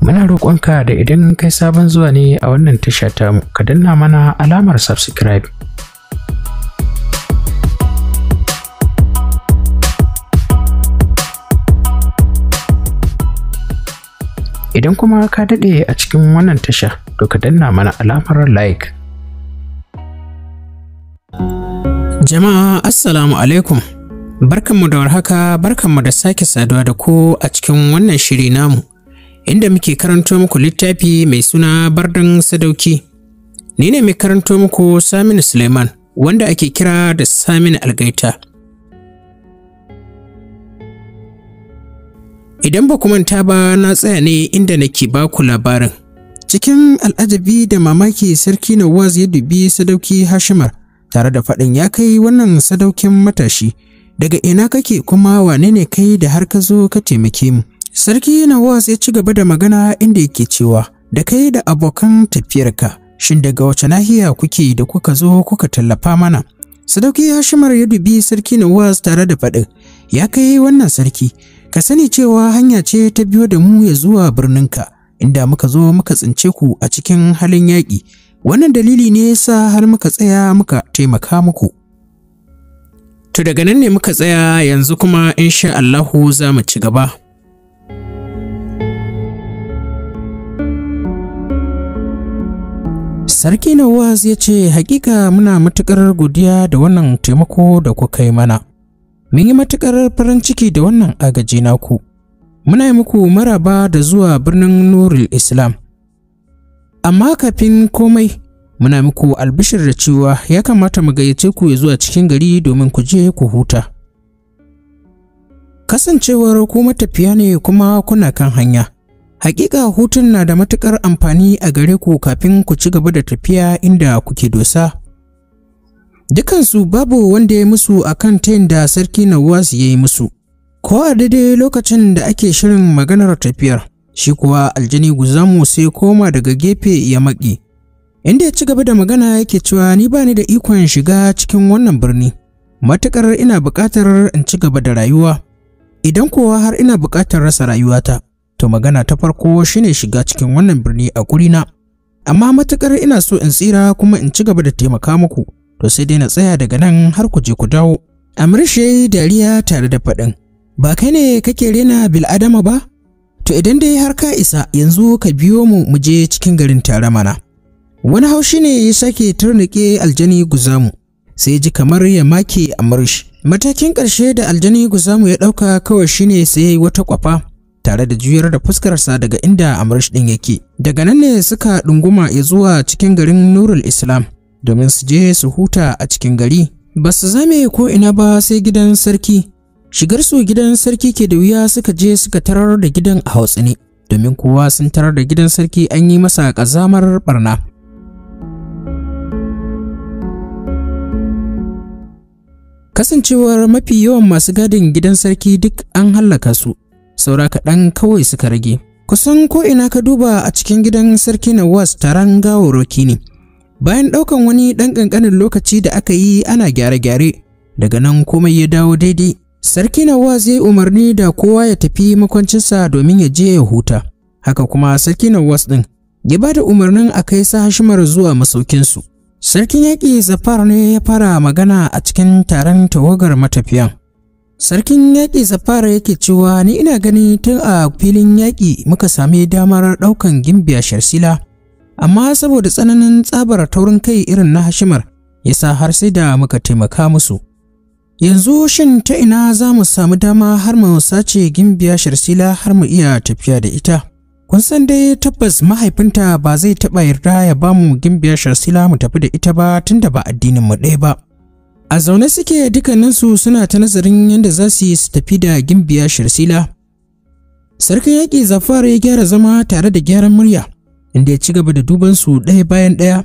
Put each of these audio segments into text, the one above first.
Muna roƙonka da idan kai sabon zuwa ne a wannan tasha tamu, ka danna mana alamar subscribe. Idan kuma ka daɗe a cikin wannan tasha, to ka danna mana alamar like. Jama'a Assalamu alaikum. Barkanmu da warhaka, barkanmu da sake saduwa da ku a cikin wannan shiri namu, inda muke karanto muku littafi mai suna Bardan Sadauki. Ni ne mai karanto muku Saminu Suleiman, wanda ake kira da Saminu Algaita. Idan ba ku manta ba na tsaya ne inda nake ba ku labarin. Cikin al'ajabi da mamaki sarki Nawaz ya dubi sadauki Hashimar tare da faɗin ya kai wannan sadaukin matashi. daga ina kake kuma wane ne kai da har ka zo ka taimake mu sarki nawas ya ci gaba da magana inda yake cewa da kai da abokan tafiyarka shin daga wace nahiya kuke da kuka zo kuka tallafa mana sadauki hashimar ya dubi sarki nawas tare da faɗin ya kai wannan sarki ka sani cewa hanya ce ta biyo da mu ya zuwa birninka inda muka zo muka tsince ku a cikin halin yaƙi wannan dalili ne yasa har muka tsaya muka taimaka muku To daga nan ne muka tsaya yanzu kuma insha Allahu za mu ci gaba. Sarki Nawaz ya ce hakika muna matuƙar godiya da wannan taimako da ku kai mana. Mun yi matuƙar farin ciki da wannan agaji naku. Muna yi muku maraba da zuwa birnin Nurul Islam. Amma kafin komai, muna muku albishir da cewa ya kamata mu gayyace ku zuwa cikin gari domin ku je ku huta kasancewar ku matafiya ne kuma kuna kan hanya hakika hutun na da matukar amfani a gare ku kafin ku ci gaba da tafiya inda kuke dosa dukansu babu wanda ya musu akan tayin da sarki nawas ya yi musu ko a daidai lokacin da ake shirin maganar tafiyar shi kuwa aljini guzamu sai koma daga gefe ya maki. inda ya ci gaba da magana yake cewa ni ba ni da ikon shiga cikin wannan birni matuƙar ina buƙatar in ci gaba da rayuwa idan kowa har ina buƙatar rasa rayuwata to magana ta farko shine shiga cikin wannan birni a na. amma matuƙar ina so in tsira kuma in ci gaba da taimaka muku to sai dai na tsaya daga nan har ku je ku dawo amrishe dariya tare da faɗin ba kai ne kake rena bil'adama ba to idan dai har ka isa yanzu ka biyo mu mu je cikin garin tare mana wani haushi ne ya sake turnike aljani guzamu sai ji kamar ya make a murshi matakin ƙarshe da aljani guzamu ya ɗauka kawai shine sai ya yi wata kwafa tare da juyar da fuskarsa daga inda amursh ɗin yake daga nan ne suka ɗunguma ya zuwa cikin garin nurul islam domin su je su huta a cikin gari ba su zame ko ina ba sai gidan sarki shigar su gidan sarki ke da wuya suka je suka tarar da gidan a hausa domin kowa sun tarar da gidan sarki an yi masa ƙazamar barna kasancewar mafi yawan masu gadin gidan sarki duk an hallaka su saura kaɗan kawai suka rage kusan ko'ina ka duba a cikin gidan sarki nawas taron gawarwaki ne bayan ɗaukan wani ɗan ƙanƙanin lokaci da aka yi ana gyare-gyare daga nan komai ya dawo daidai sarki na was ya umarni da kowa ya tafi makwancinsa domin ya je ya huta haka kuma sarki na was ɗin ya ba da umarnin a kai sa hashimar zuwa masaukinsu Sarkin yaƙi Zafar ne ya fara magana a cikin taron tawagar matafiyan. Sarkin yaƙi Zafar yake cewa ni ina gani tun a filin yaƙi muka sami damar ɗaukan gimbiya sharsila, amma saboda tsananin tsabar taurin kai irin na Hashimar ya sa har sai da muka taimaka musu. Yanzu shin ta ina za mu samu dama har mu sace gimbiya sharsila har mu iya tafiya da ita? kun san dai tabbas mahaifinta ba zai taɓa yarda ya ba mu gimbiyar sharsila mu tafi da ita ba tunda ba addinin mu ɗaya ba a zaune suke dukkaninsu suna ta nazarin yadda za su yi su tafi da gimbiya sharsila sarkin yaƙi zafar ya gyara zama tare da gyaran murya inda ya ci gaba da duban su ɗaya bayan ɗaya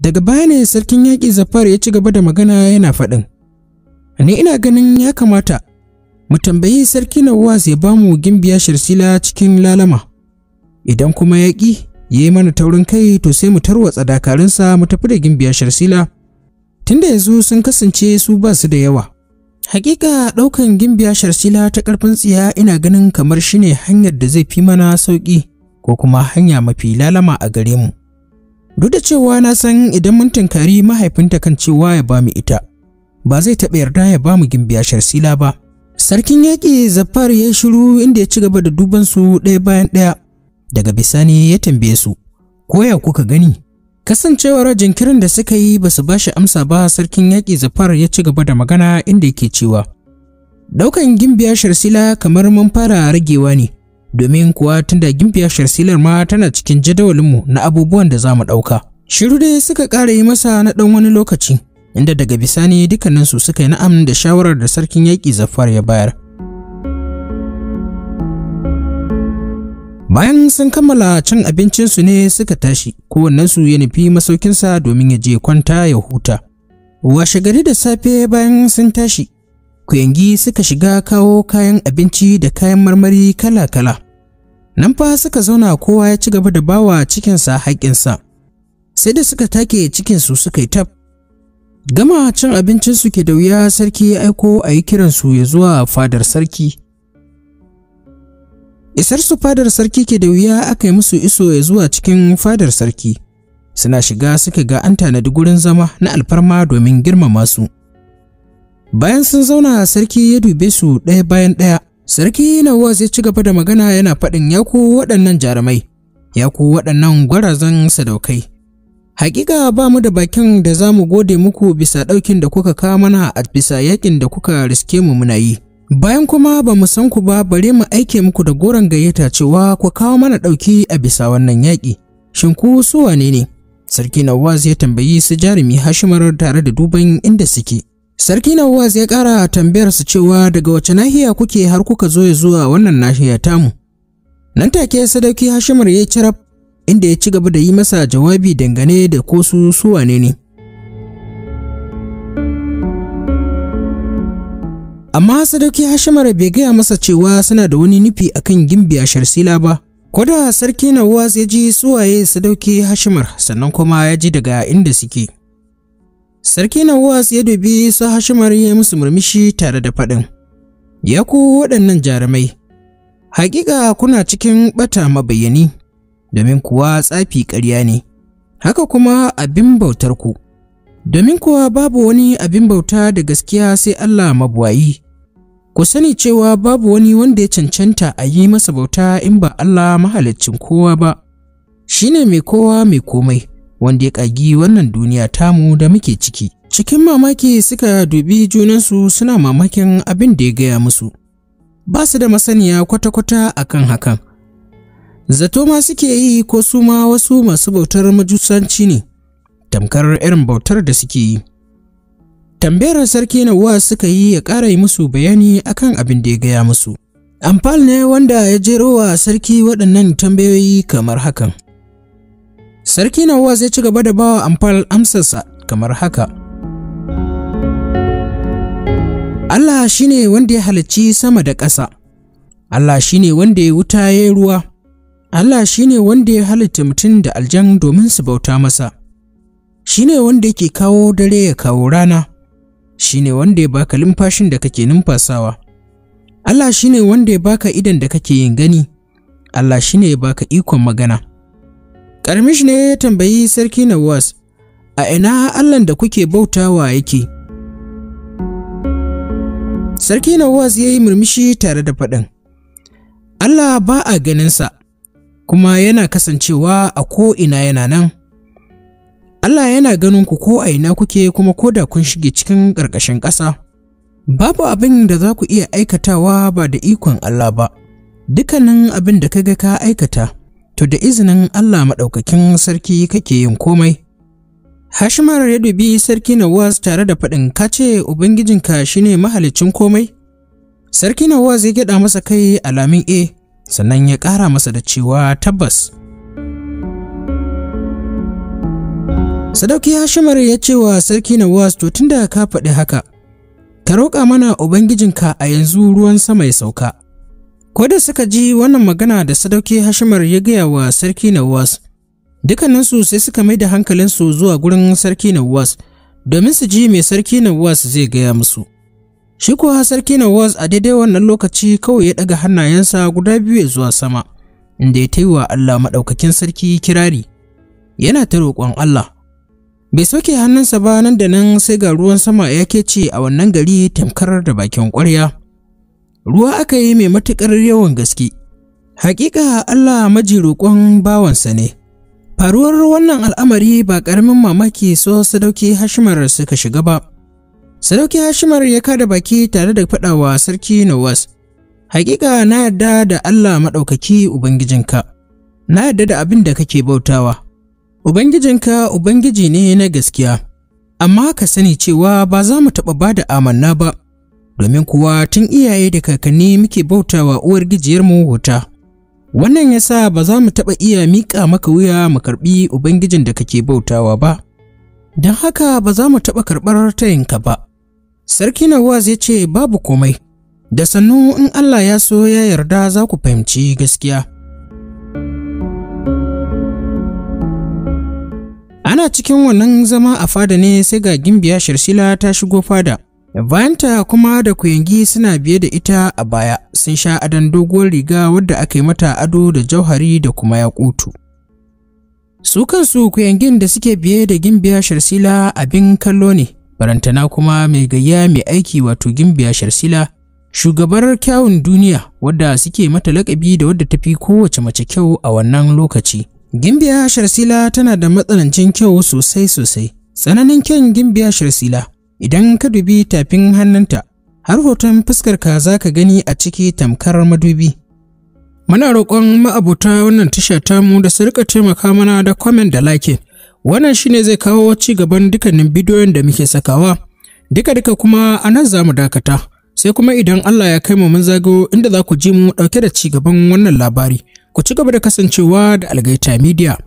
daga baya ne sarkin yaƙi zafar ya ci gaba da magana yana faɗin ni ina ganin ya kamata mu tambayi sarki nawaz ya bamu gimbiya sharsila cikin lalama idan kuma ya ƙi ya yi mana taurin kai to sai mu tarwatsa dakarunsa mu tafi da gimbiya sharsila tunda yanzu sun kasance su ba su da yawa Haƙiƙa ɗaukan gimbiya sharsila ta ƙarfin tsiya ina ganin kamar shine hanyar da zai fi mana sauƙi ko kuma hanya mafi lalama a gare mu duk da cewa na san idan mun tunkari mahaifinta kan cewa ya ba mu ita ba zai taɓa yarda ya ba mu gimbiya sharsila ba sarkin yaƙi zafar ya shiru inda ya ci gaba da duban su ɗaya bayan ɗaya daga bisani ya tambaye su koya kuka gani kasancewar jinkirin da suka yi ba su ba shi amsa ba sarkin yaƙi zafar ya ci gaba da magana inda yake cewa daukan gimbiya sharsila kamar mun fara ragewa ne domin kuwa tunda gimbiya sharsilar ma tana cikin jadawalinmu na abubuwan da za mu ɗauka shiru dai suka ƙara yi masa na ɗan wani lokaci inda daga bisani dukkaninsu suka yi na'am da shawarar da sarkin yaƙi zafar ya bayar Bayan sun kammala cin abincinsu ne suka tashi, kowannensu ya nufi masaukinsa domin ya je kwanta ya huta. Washe gari da safe bayan sun tashi, kuyangi suka shiga kawo kayan abinci da kayan marmari kala-kala. Nan fa suka zauna kowa ya ci gaba da bawa cikinsa haƙƙinsa. Sai da suka take cikinsu suka yi tab. Gama cin abincinsu ke da wuya sarki ya aiko a yi kiransu ya zuwa fadar sarki. Isar su fadar sarki ke da wuya aka yi musu iso ya zuwa cikin fadar sarki. Suna shiga suka ga an tanadi gurin zama na alfarma domin girmama su. Bayan sun zauna sarki ya dube su ɗaya bayan ɗaya. Sarki wa ya ci gaba da magana yana faɗin ya ku waɗannan jarumai, ya ku waɗannan gwarazan sadaukai. Hakika ba mu da bakin da za mu gode muku bisa ɗaukin da kuka kawo mana a bisa yakin da kuka riske mu muna yi. Bayan kuma ba mu san ku ba bare mu aike muku da goron gayyata cewa ku kawo mana ɗauki a bisa wannan yaki, Shin ku su wane ne? Sarki Nawaz ya tambayi su jarumi Hashimar tare da duban inda suke. Sarki Nawaz ya ƙara tambayar su cewa daga wace nahiya kuke har kuka zo zuwa wannan nahiya tamu. Nan take sadauki Hashimar ya yi carab inda ya ci gaba da yi masa jawabi dangane da ko su su wane ne. amma sadauki Hashimar bai gaya masa cewa suna da wani nufi akan gimbiya sharsila ba koda sarki nawaz ya ji suwaye sadauki hashimar sannan kuma ya ji daga inda suke sarki nawaz ya dubi su hashimar ya musu murmushi tare da faɗin ya ku waɗannan jarumai hakika kuna cikin ɓata mabayani domin kuwa tsafi ƙarya ne haka kuma abin bautar ku domin kuwa babu wani abin bauta da gaskiya sai Allah mabuwayi Ku sani cewa babu wani wanda ya cancanta a yi masa bauta in ba Allah mahaliccin kowa ba, shi ne mai kowa mai komai wanda ya ƙagi wannan duniya tamu da muke ciki. Cikin mamaki suka dubi junansu suna mamakin abin da ya gaya musu. Ba su da masaniya kwata-kwata akan hakan. Zato ma suke yi ko su ma wasu masu bautar majusanci ne, tamkar irin bautar da suke yi. tambayar sarki Uwa suka yi ya ƙara yi musu bayani akan abin da ya gaya musu. Amfal ne wanda ya jero wa sarki waɗannan tambayoyi kamar hakan. Sarki Uwa zai ci gaba da bawa Amfal amsarsa kamar haka. Allah shi ne wanda ya halicci sama da ƙasa. Allah shi ne wanda ya wuta ya yi ruwa. Allah shi ne wanda ya halitta mutum da aljan domin su bauta masa. Shi ne wanda yake kawo dare ya kawo rana. shine wanda ya baka lumfashin da kake numfasawa Allah shine wanda ya baka idan da kake yin gani Allah shine ya baka ikon magana Karmish ne ya tambayi sarki Nawas a ina Allah da kuke bautawa yake Sarki Nawas ya yi murmushi tare da faɗin Allah ba a ganinsa kuma yana kasancewa a ko ina yana nan Allah yana ganin ku ko a ina kuke kuma ko da kun shige cikin ƙarƙashin ƙasa. Babu abin da za ku iya aikatawa ba da ikon Allah ba, dukkanin abin da kaga ka aikata, to da izinin Allah maɗaukakin sarki kake yin komai. Hashimar ya dubi sarki Nawaz tare da faɗin kace Ubangijinka shine mahalicin komai? Sarki Nawaz ya gyaɗa masa kai alamin A, eh, sannan ya kara masa da cewa tabbas. Sadauki Hashimar ya ce wa Sarki Nawas to tunda ka faɗi haka, ka roƙa mana Ubangijinka a yanzu ruwan sama ya sauka. Ko da suka ji wannan magana da Sadauki Hashimar ya gaya wa Sarki Nawas, dukkaninsu sai suka mai da hankalinsu zuwa gurin Sarki Nawas domin su ji me Sarki Nawas zai gaya musu. Shi kuwa Sarki Nawas a daidai wannan lokaci kawai ya ɗaga hannayensa guda biyu zuwa sama, inda ya taiwa Allah maɗaukakin sarki kirari. Yana ta roƙon Allah, bai soke hannunsa ba nan da nan sai ga ruwan sama ya kece a wannan gari tamkar da bakin ƙwarya ruwa aka yi mai matuƙar yawan gaske haƙiƙa allah maji roƙon bawansa ne faruwar wannan al'amari ba ƙaramin mamaki so sadauki hashimar suka shiga ba sadauki hashimar ya kada baki tare da faɗawa sarki nawas haƙiƙa na yarda da allah maɗaukaki ubangijinka na yarda da abin da kake bautawa Ubangijinka Ubangiji ne na gaskiya, amma ka sani cewa ba za mu taɓa ba da amanna ba, domin kuwa tun iyaye da kakanni muke bautawa uwar mu wuta. Wannan ya sa ba za mu taɓa iya miƙa maka wuya mu karɓi Ubangijin da kake bautawa ba, don haka ba za mu taɓa karɓar tayinka ba. Sarki Nawaz ya ce babu komai, da sannu in Allah ya so ya yarda za ku fahimci gaskiya. ana cikin wannan zama a fada ne sai ga gimbiya shirsila ta shigo fada bayanta kuma da kuyangi suna biye da ita a baya sun sha adon doguwar riga wadda aka yi mata ado da jauhari da kuma yakutu su kansu kuyangin da suke biye da gimbiya shirsila abin kallo ne barantana kuma mai gayya mai aiki wato gimbiya shirsila shugabar kyawun duniya wadda suke mata lakabi da wadda tafi kowace mace kyau a wannan lokaci Gimbiya Sharsila tana da matsanancin kyau sosai-sosai. Tsananin kyan Gimbiya Sharsila, idan ka dubi tafin hannunta, har hoton fuskarka za ka gani a ciki tamkar madubi. Muna roƙon ma'abuta wannan tasha tamu da su rika taimaka mana da comment da like. Wannan shine zai kawo ci gaban dukkanin bidiyon da muke sakawa. Duka-duka kuma a nan za mu dakata. Sai kuma idan Allah ya kai mu mun zago inda za ku ji mu ɗauke da ci gaban wannan labari. Ku ci gaba da kasancewa da Algaita Media.